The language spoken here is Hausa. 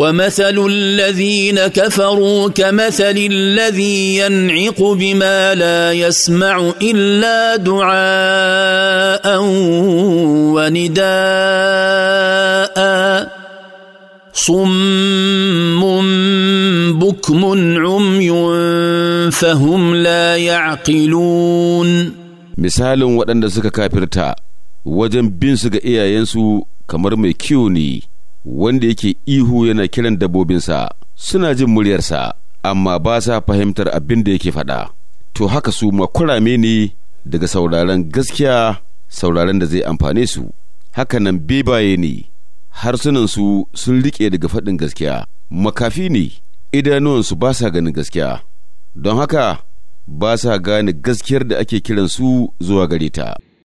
ومثل الذين كفروا كمثل الذي ينعق بما لا يسمع الا دعاء ونداء صم بكم عمي فهم لا يعقلون misalin waɗanda suka kafirta wajen bin su ga iyayensu kamar mai kiwo ne wanda yake ihu yana kiran dabbobinsa suna jin muryarsa amma ba sa fahimtar abin da yake faɗa to haka su kurame ne daga sauraron gaskiya sauraron da zai amfane su haka hakanan bebaye ne harsunansu sun riƙe daga faɗin gaskiya makafi ne idanuwansu ba sa ganin gaskiya don haka ba sa gane gaskiyar da ake kiransu zuwa gare ta